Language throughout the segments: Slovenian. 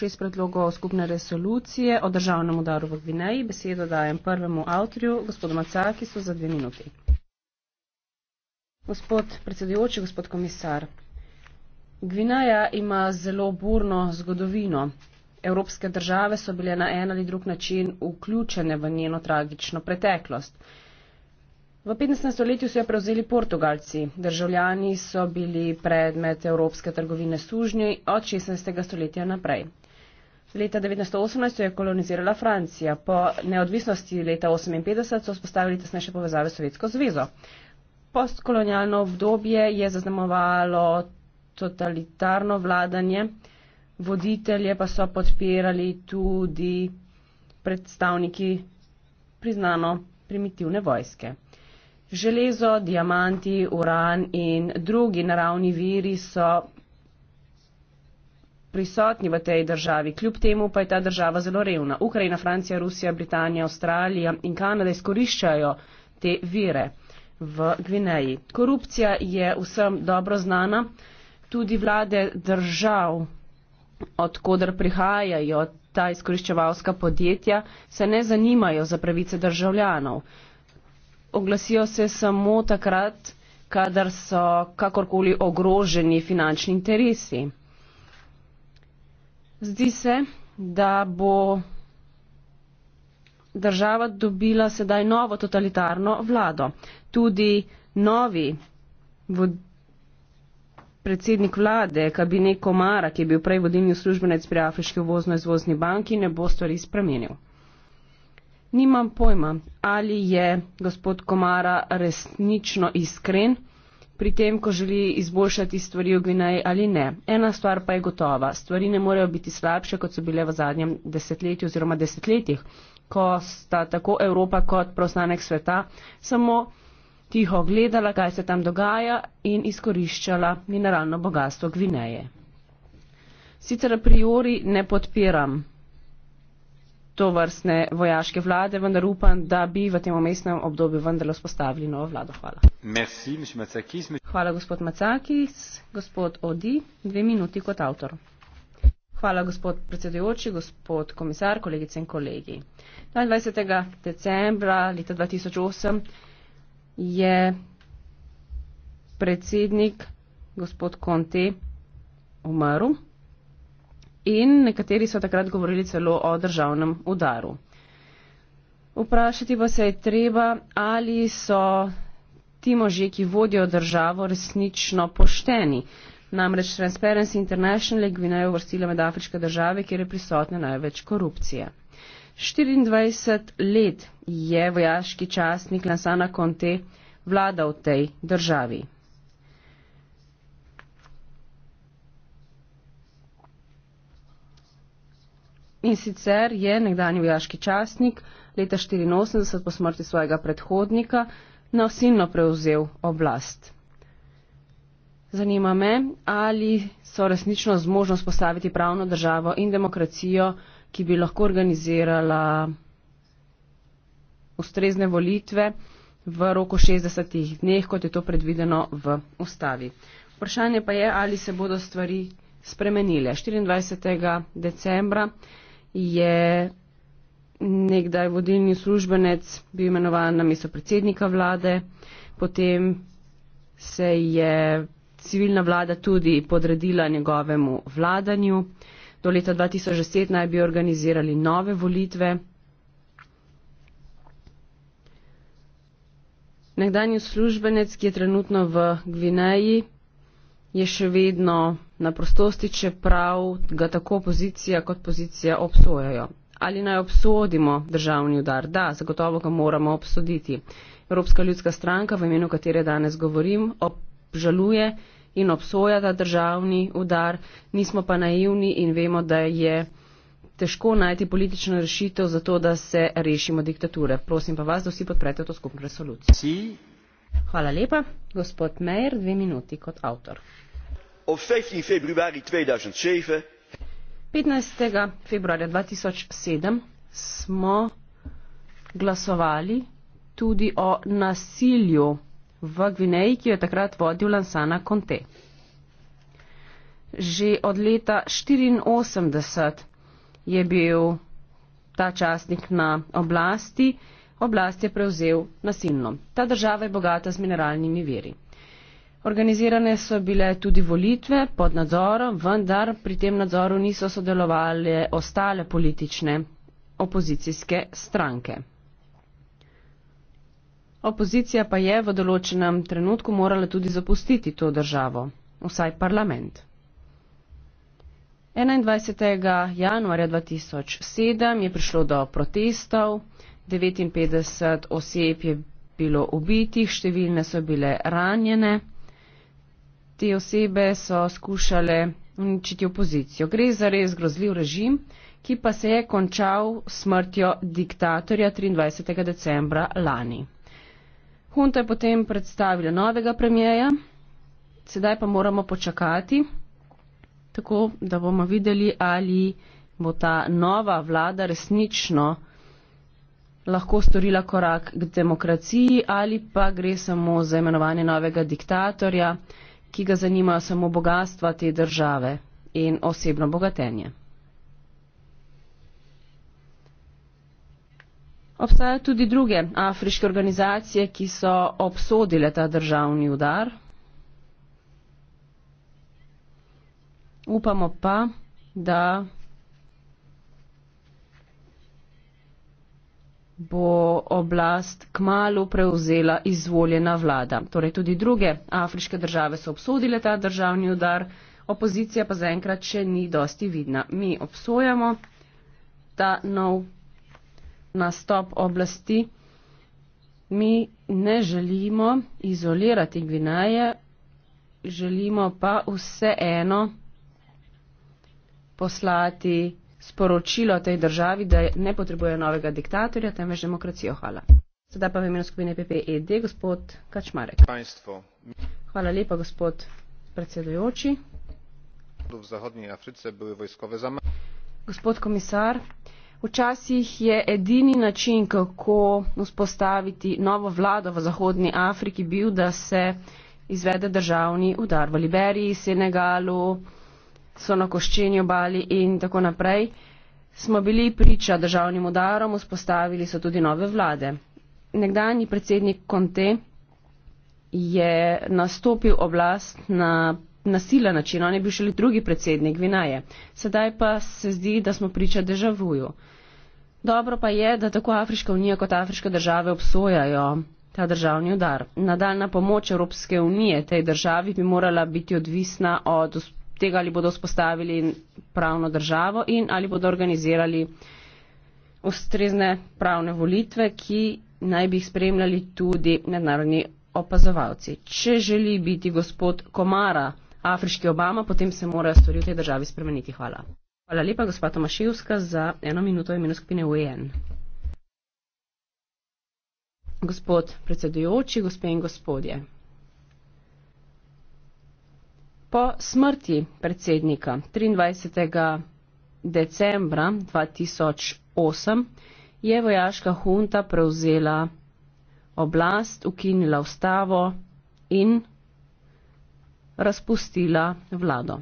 šest predlogov skupne resolucije o državnem udaru v Gvineji. Besedo dajem prvemu avtorju, gospodu Macakisu, za dve minuti. Gospod predsedujoči, gospod komisar, Gvineja ima zelo burno zgodovino. Evropske države so bile na en ali drug način vključene v njeno tragično preteklost. V 15. stoletju so jo prevzeli Portugalci. Državljani so bili predmet evropske trgovine sužnji od 16. stoletja naprej. Leta 1918 jo je kolonizirala Francija. Po neodvisnosti leta 1958 so spostavili tesnejše povezave s Sovjetsko zvezo. Postkolonialno obdobje je zaznamovalo totalitarno vladanje, voditelje pa so podpirali tudi predstavniki priznano primitivne vojske. Železo, diamanti, uran in drugi naravni viri so prisotni v tej državi. Kljub temu pa je ta država zelo revna. Ukrajina, Francija, Rusija, Britanija, Avstralija in Kanada izkoriščajo te vire v Gvineji. Korupcija je vsem dobro znana, tudi vlade držav, odkudar prihajajo ta izkoriščevalska podjetja, se ne zanimajo za pravice državljanov. Oglasijo se samo takrat, kadar so kakorkoli ogroženi finančni interesi. Zdi se, da bo država dobila sedaj novo totalitarno vlado. Tudi novi predsednik vlade, kabinet Komara, ki je bil prej vodilni službenec pri Afriški vozno-izvozni banki, ne bo stvari spremenil. Nimam pojma, ali je gospod Komara resnično iskren pri tem, ko želi izboljšati stvari v Gvineji ali ne. Ena stvar pa je gotova. Stvari ne morejo biti slabše, kot so bile v zadnjem desetletju oziroma desetletjih, ko sta tako Evropa kot prostanek sveta samo tiho gledala, kaj se tam dogaja in izkoriščala mineralno bogatstvo Gvineje. Sicer a priori ne podpiram to vrstne vojaške vlade, vendar upam, da bi v tem omestnem obdobju vendarle spostavili novo vlado. Hvala. Merci, Macakis. Hvala, gospod Macakis. Gospod Odi, dve minuti kot avtor. Hvala, gospod predsedujoči, gospod komisar, kolegice in kolegi. 22. decembra leta 2008 je predsednik gospod Conte umrl in nekateri so takrat govorili celo o državnem udaru. Vprašati pa se je treba, ali so ti možje, ki vodijo državo, resnično pošteni. Namreč Transparency International je Gvinejo vrstila med afriške države, kjer je prisotna največ korupcije. 24 let je vojaški častnik Lansana Conte vladal v tej državi. In sicer je nekdani vojaški častnik leta 1984 po smrti svojega predhodnika nasilno prevzel oblast. Zanima me, ali so resnično zmožni spostaviti pravno državo in demokracijo, ki bi lahko organizirala ustrezne volitve v roku 60 dneh, kot je to predvideno v ustavi. Vprašanje pa je, ali se bodo stvari spremenile. 24. decembra je nekdaj vodilni službenec bil imenovan na mesto predsednika vlade, potem se je civilna vlada tudi podredila njegovemu vladanju. Do leta 2010 naj bi organizirali nove volitve. Nekdanji službenec, ki je trenutno v Gvineji, je še vedno na prostosti, čeprav ga tako opozicija kot pozicija obsojajo. Ali naj obsodimo državni udar? Da, zagotovo ga moramo obsoditi. Evropska ljudska stranka, v imenu katere danes govorim, obžaluje in obsoja ta državni udar. Nismo pa naivni in vemo, da je težko najti politično rešitev za to, da se rešimo diktature. Prosim pa vas, da vsi podprete to skupno resolucijo. Hvala lepa. Gospod Mejer, dve minuti kot avtor. 15. februarja 2007 smo glasovali tudi o nasilju v Gvineji, ki jo je takrat vodil Lansana Conte. Že od leta 1984 je bil ta časnik na oblasti oblast je prevzel nasilno. Ta država je bogata z mineralnimi veri. Organizirane so bile tudi volitve pod nadzorom, vendar pri tem nadzoru niso sodelovali ostale politične opozicijske stranke. Opozicija pa je v določenem trenutku morala tudi zapustiti to državo, vsaj parlament. 21. januarja 2007 je prišlo do protestov. 59 oseb je bilo ubitih, številne so bile ranjene. Te osebe so skušale uničiti opozicijo. Gre za res grozljiv režim, ki pa se je končal smrtjo diktatorja 23. decembra lani. Hunta je potem predstavila novega premijeja, sedaj pa moramo počakati, tako da bomo videli, ali bo ta nova vlada resnično lahko storila korak k demokraciji ali pa gre samo za imenovanje novega diktatorja, ki ga zanimajo samo bogatstva te države in osebno bogatenje. Obstajajo tudi druge afriške organizacije, ki so obsodile ta državni udar. Upamo pa, da bo oblast kmalo prevzela izvoljena vlada. Torej tudi druge afriške države so obsodile ta državni udar, opozicija pa zaenkrat še ni dosti vidna. Mi obsojamo ta nov nastop oblasti. Mi ne želimo izolirati Gvineje, želimo pa vseeno poslati sporočilo tej državi, da ne potrebuje novega diktatorja, temveč demokracijo. Hvala. Sedaj pa v imenu skupine PPED, gospod Kačmarek. Hvala lepa, gospod predsedujoči. V Zahodnji Africi so bili vojskove zamahe. Gospod komisar, včasih je edini način, kako vzpostaviti novo vlado v Zahodnji Afriki, bil, da se izvede državni udar v Liberiji, Senegalu, so na koščeni obali in tako naprej, smo bili priča državnim udarom, vzpostavili so tudi nove vlade. Nekdanji predsednik Conte je nastopil oblast na nasilen način, on je bil šele drugi predsednik Vinaje. Sedaj pa se zdi, da smo priča državuju. Dobro pa je, da tako Afriška unija kot Afriške države obsojajo ta državni udar. Nadaljna pomoč Evropske unije tej državi bi morala biti odvisna od tega, ali bodo vzpostavili pravno državo in ali bodo organizirali ustrezne pravne volitve, ki naj bi jih spremljali tudi mednarodni opazovalci. Če želi biti gospod Komara afriški Obama, potem se morajo stvari v tej državi spremeniti. Hvala. Hvala lepa, gospa Tomaševska, za eno minuto imenu skupine UN. E gospod predsedujoči, gospe in gospodje. Po smrti predsednika 23. decembra 2008 je vojaška hunta prevzela oblast, ukinila ustavo in razpustila vlado.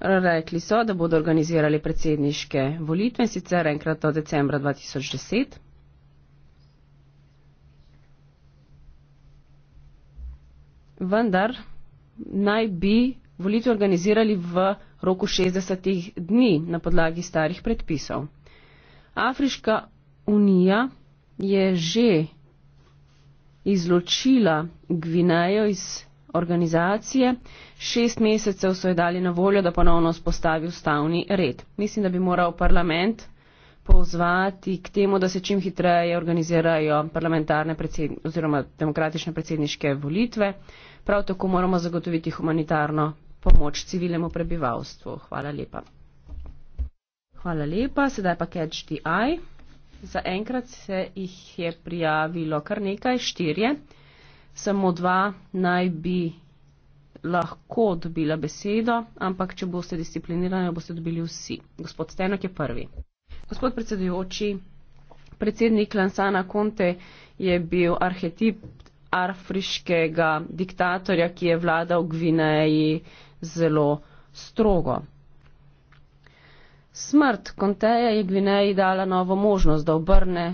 Rekli so, da bodo organizirali predsedniške volitve in sicer enkrat do decembra 2010. vendar naj bi volitve organizirali v roku 60 dni na podlagi starih predpisov. Afriška unija je že izločila Gvinejo iz organizacije, šest mesecev so jo dali na voljo, da ponovno spostavi ustavni red. Mislim, da bi moral parlament pozvati k temu, da se čim hitreje organizirajo parlamentarne predsed, oziroma demokratične predsedniške volitve. Prav tako moramo zagotoviti humanitarno pomoč civilnemu prebivalstvu. Hvala lepa. Hvala lepa. Sedaj pa catch the eye. Za enkrat se jih je prijavilo kar nekaj, štirje. Samo dva naj bi lahko dobila besedo, ampak če boste disciplinirani, boste dobili vsi. Gospod Stenok je prvi. Gospod predsedujoči, predsednik Lansana Conte je bil arhetip afriškega diktatorja, ki je vladal Gvineji zelo strogo. Smrt Conteja je Gvineji dala novo možnost, da obrne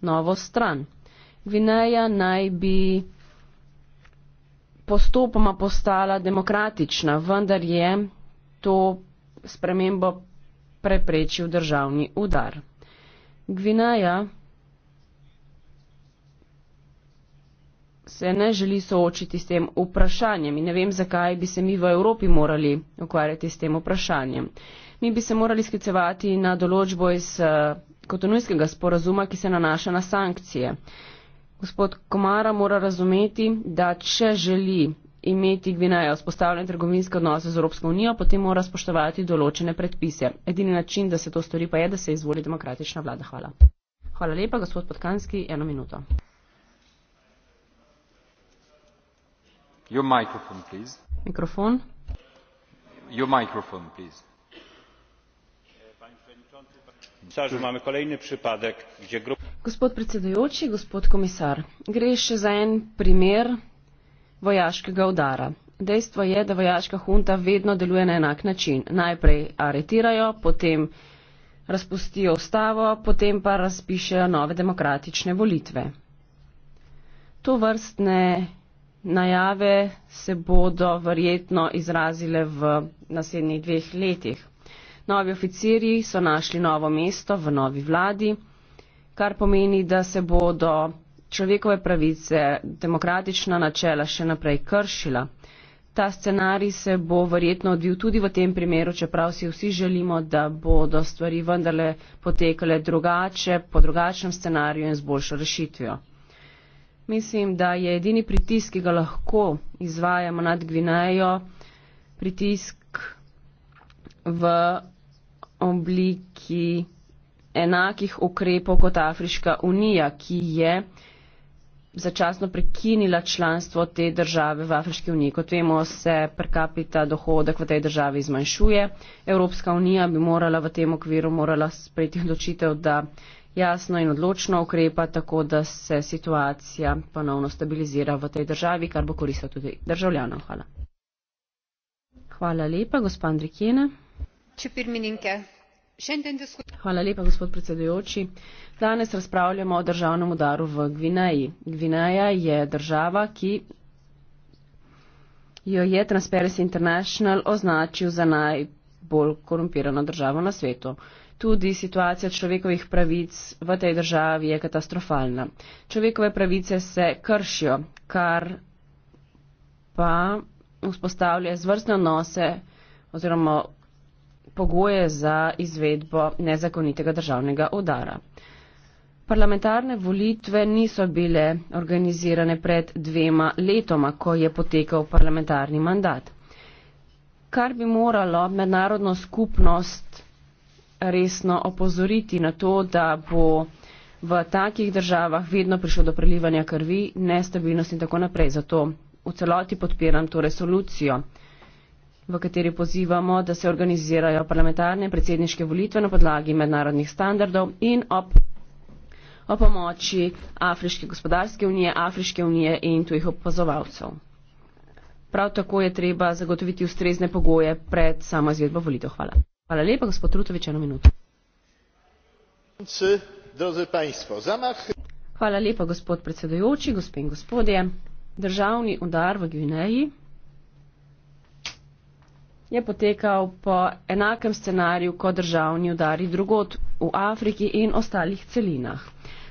novo stran. Gvineja naj bi postopoma postala demokratična, vendar je to spremembo preprečil državni udar. Gvineja se ne želi soočiti s tem vprašanjem in ne vem, zakaj bi se mi v Evropi morali ukvarjati s tem vprašanjem. Mi bi se morali skicevati na določbo iz eh, kotonujskega sporazuma, ki se nanaša na sankcije. Gospod Komara mora razumeti, da če želi imeti Gvinejo spostavljene trgovinske odnose z Evropsko unijo, potem mora spoštovati določene predpise. Edini način, da se to stori, pa je, da se izvoli demokratična vlada. Hvala. Hvala lepa, gospod Potkanski, eno minuto. Your microphone, please. Mikrofon. Your microphone, please. Gospod predsedujoči, gospod komisar, gre še za en primer vojaškega udara. Dejstvo je, da vojaška hunta vedno deluje na enak način. Najprej aretirajo, potem razpustijo ustavo, potem pa razpišejo nove demokratične volitve. To vrstne najave se bodo verjetno izrazile v naslednjih dveh letih. Novi oficirji so našli novo mesto v novi vladi, kar pomeni, da se bodo človekove pravice, demokratična načela še naprej kršila. Ta scenarij se bo verjetno odvil tudi v tem primeru, čeprav si vsi želimo, da bodo stvari vendarle potekale drugače, po drugačnem scenariju in z boljšo rešitvijo. Mislim, da je edini pritisk, ki ga lahko izvajamo nad Gvinejo, pritisk v obliki enakih ukrepov kot Afriška unija, ki je začasno prekinila članstvo te države v Afriški uniji. Kot vemo, se per capita dohodek v tej državi zmanjšuje. Evropska unija bi morala v tem okviru sprejeti odločitev, da jasno in odločno ukrepa, tako da se situacija ponovno stabilizira v tej državi, kar bo koristilo tudi državljanom. Hvala. Hvala lepa, gospod Andrikjene. Hvala lepa, gospod predsedujoči. Danes razpravljamo o državnem udaru v Gvineji. Gvineja je država, ki jo je Transparency International označil za najbolj korumpirano državo na svetu. Tudi situacija človekovih pravic v tej državi je katastrofalna. Človekove pravice se kršijo, kar pa vzpostavlja zvrstne odnose oziroma pogoje za izvedbo nezakonitega državnega udara. Parlamentarne volitve niso bile organizirane pred dvema letoma, ko je potekal parlamentarni mandat. Kar bi moralo mednarodno skupnost resno opozoriti na to, da bo v takih državah vedno prišlo do prelivanja krvi, nestabilnosti in tako naprej. Zato v celoti podpiram to resolucijo v kateri pozivamo, da se organizirajo parlamentarne in predsedniške volitve na podlagi mednarodnih standardov in ob o pomoči Afriške gospodarske unije, Afriške unije in tujih opazovalcev. Prav tako je treba zagotoviti ustrezne pogoje pred samo izvedbo volitev. Hvala. Hvala lepa, gospod Rutovič, eno minuto. Hvala lepa, gospod predsedujoči, gospe in gospodje. Državni udar v Gvineji je potekal po enakem scenariju kot državni udari drugot v Afriki in ostalih celinah.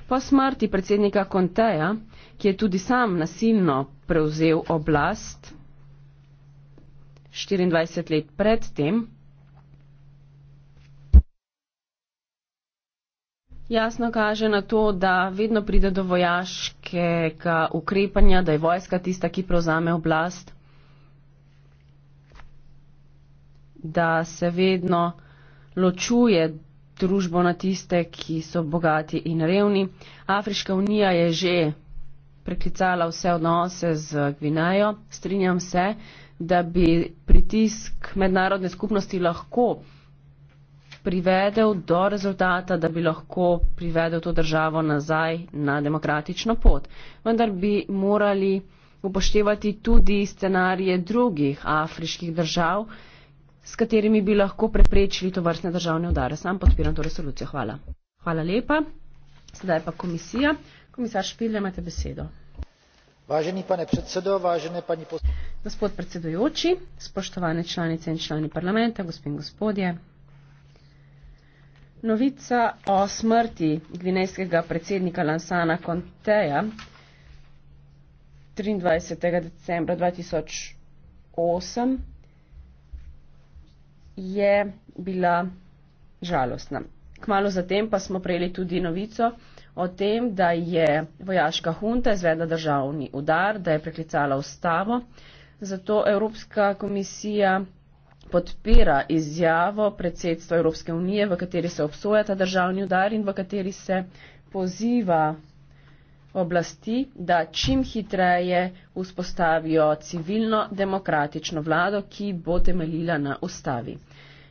Po smrti predsednika Konteja, ki je tudi sam nasilno prevzel oblast 24 let predtem, Jasno kaže na to, da vedno pride do vojaškega ukrepanja, da je vojska tista, ki prevzame oblast da se vedno ločuje družbo na tiste, ki so bogati in revni. Afriška unija je že preklicala vse odnose z Gvinajo. Strinjam se, da bi pritisk mednarodne skupnosti lahko privedel do rezultata, da bi lahko privedel to državo nazaj na demokratično pot. Vendar bi morali upoštevati tudi scenarije drugih afriških držav, s katerimi bi lahko preprečili to vrstne državne udare. Sam podpiram to resolucijo. Hvala. Hvala lepa. Sedaj pa komisija. Komisar Špilje, imate besedo. Važeni pane predsedo, važene pani poslanke. Gospod predsedujoči, spoštovane članice in člani parlamenta, gospod in gospodje. Novica o smrti gvinejskega predsednika Lansana Konteja 23. decembra 2008 je bila žalostna. Kmalo zatem pa smo prejeli tudi novico o tem, da je vojaška hunta izvedla državni udar, da je preklicala ustavo. Zato Evropska komisija podpira izjavo predsedstva Evropske unije, v kateri se obsoja ta državni udar in v kateri se poziva oblasti, da čim hitreje vzpostavijo civilno demokratično vlado, ki bo temeljila na ustavi.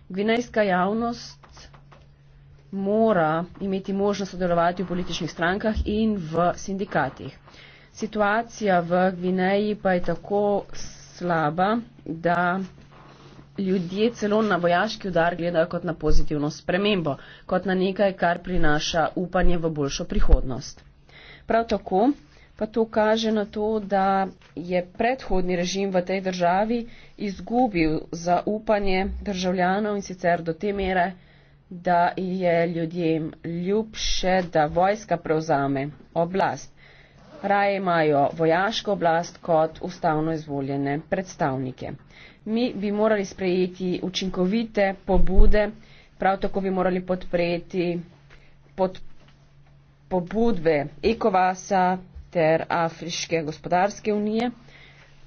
Gvinejska javnost mora imeti možnost sodelovati v političnih strankah in v sindikatih. Situacija v Gvineji pa je tako slaba, da ljudje celo na vojaški udar gledajo kot na pozitivno spremembo, kot na nekaj, kar prinaša upanje v boljšo prihodnost. Prav tako pa to kaže na to, da je predhodni režim v tej državi izgubil zaupanje državljanov in sicer do te mere, da je ljudem ljubše, da vojska prevzame oblast. Raje imajo vojaško oblast kot ustavno izvoljene predstavnike. Mi bi morali sprejeti učinkovite pobude, prav tako bi morali podpreti podpore pobudbe ekovasa ter Afriške gospodarske unije.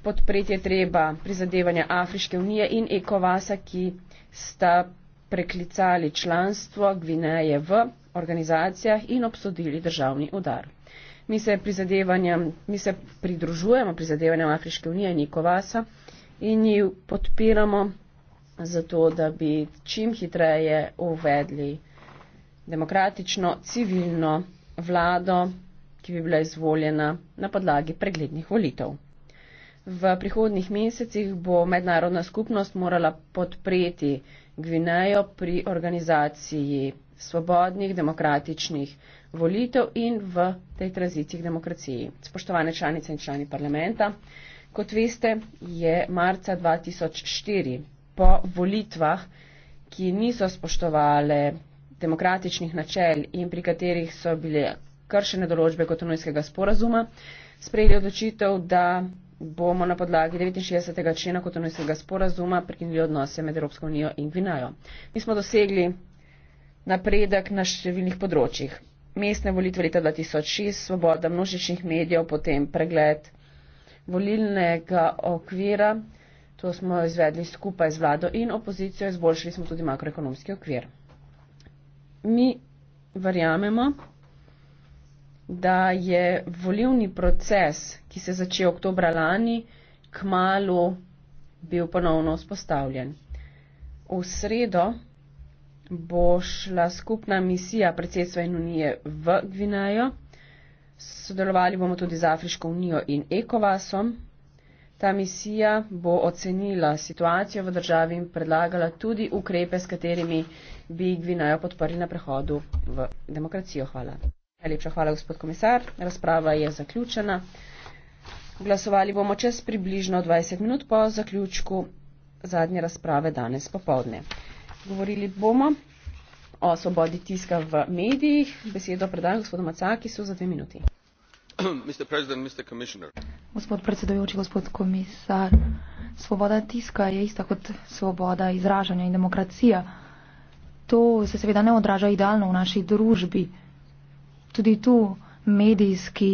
Podpreti je treba prizadevanja Afriške unije in ekovasa, ki sta preklicali članstvo Gvineje v organizacijah in obsodili državni udar. Mi se, mi se pridružujemo prizadevanjem Afriške unije in ekovasa in jih podpiramo zato, da bi čim hitreje uvedli demokratično, civilno vlado, ki bi bila izvoljena na podlagi preglednih volitev. V prihodnih mesecih bo mednarodna skupnost morala podpreti Gvinejo pri organizaciji svobodnih, demokratičnih volitev in v tej tranziciji k demokraciji. Spoštovane članice in člani parlamenta, kot veste, je marca 2004 po volitvah, ki niso spoštovale demokratičnih načel in pri katerih so bile kršene določbe kotonojskega sporazuma, sprejeli odločitev, da bomo na podlagi 69. člena kotonojskega sporazuma prekinili odnose med Evropsko unijo in Gvinajo. Mi smo dosegli napredek na številnih področjih. Mestne volitve leta 2006, svoboda množičnih medijev, potem pregled volilnega okvira, to smo izvedli skupaj z vlado in opozicijo, izboljšali smo tudi makroekonomski okvir mi verjamemo, da je volivni proces, ki se začel oktobra lani, kmalo bil ponovno vzpostavljen. V sredo bo šla skupna misija predsedstva in unije v Gvinajo. Sodelovali bomo tudi z Afriško unijo in Ekovasom. Ta misija bo ocenila situacijo v državi in predlagala tudi ukrepe, s katerimi bi Gvinajo podprli na prehodu v demokracijo. Hvala. Najlepša hvala, gospod komisar. Razprava je zaključena. Glasovali bomo čez približno 20 minut po zaključku zadnje razprave danes popovdne. Govorili bomo o svobodi tiska v medijih. Besedo predajam gospodu Macakisu za dve minuti. gospod predsedujoči, gospod komisar, svoboda tiska je ista kot svoboda izražanja in demokracija. To se seveda ne odraža idealno v naši družbi. Tudi tu medijski